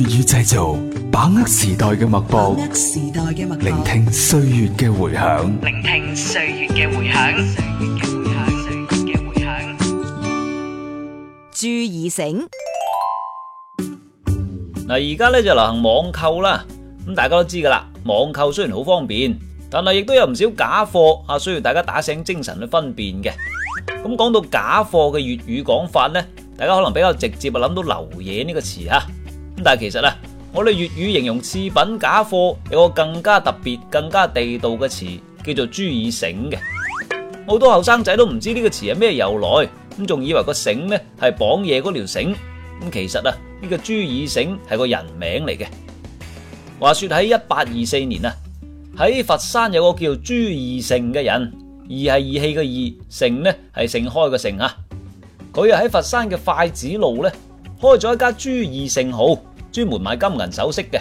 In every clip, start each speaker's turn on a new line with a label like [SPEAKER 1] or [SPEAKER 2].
[SPEAKER 1] 粵語製造，把握時代嘅脈搏，把搏，聆聽歲月嘅回響。聆聽歲月嘅回響。朱義盛，嗱，而家咧就流行網購啦。咁大家都知噶啦，網購雖然好方便，但係亦都有唔少假貨啊，需要大家打醒精神去分辨嘅。咁講到假貨嘅粵語講法咧，大家可能比較直接啊諗到流嘢呢個詞啊。咁但係其實啊，我哋粵語形容次品、假貨有個更加特別、更加地道嘅詞，叫做朱義盛嘅。好多後生仔都唔知呢個詞係咩由來，咁仲以為那個盛呢係綁嘢嗰條繩，咁其實啊，呢、這個朱義盛係個人名嚟嘅。話説喺一八二四年啊，喺佛山有個叫做朱義盛嘅人，義係義氣嘅義，盛呢係盛開嘅盛。啊。佢又喺佛山嘅筷子路呢開咗一家朱義盛號。專門買金銀首飾嘅，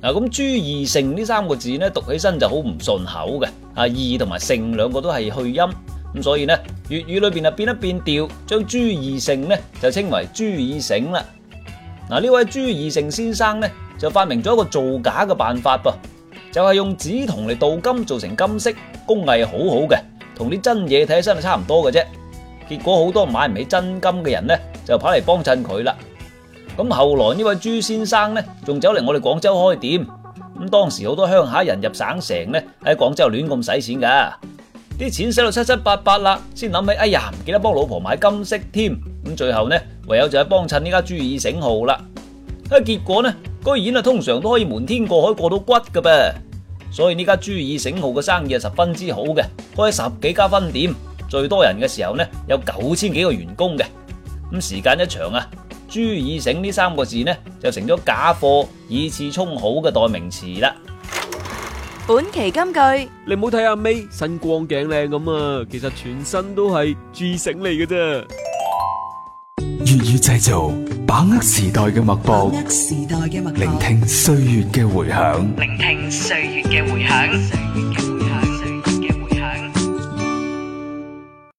[SPEAKER 1] 嗱咁朱義盛呢三個字呢，讀起身就好唔順口嘅，啊義同埋盛兩個都係去音，咁、啊、所以呢，粵語裏邊啊變一變調，將朱義盛呢就稱為朱義盛啦。嗱、啊、呢位朱義盛先生呢，就發明咗一個造假嘅辦法噃，就係、是、用紫銅嚟鍍金做成金色，工藝好好嘅，同啲真嘢睇起身係差唔多嘅啫。結果好多買唔起真金嘅人呢，就跑嚟幫襯佢啦。咁後來呢位朱先生呢，仲走嚟我哋廣州開店。咁當時好多鄉下人入省城呢，喺廣州亂咁使錢噶，啲錢使到七七八八啦，先諗起哎呀唔記得幫老婆買金飾添。咁最後呢，唯有就係幫襯呢家朱義盛號啦。咁結果呢，居然啊通常都可以瞞天過海過到骨噶噃。所以呢家朱義盛號嘅生意十分之好嘅，開十幾家分店，最多人嘅時候呢，有九千幾個員工嘅。咁時間一長啊。朱義盛呢三個字呢，就成咗假貨、以次充好嘅代名詞啦。本期金句，你唔好睇阿 May，身光頸靚咁啊，其實全身都係朱義盛嚟嘅啫。粵語製造，把握時代嘅脈搏，聆聽歲月嘅回響。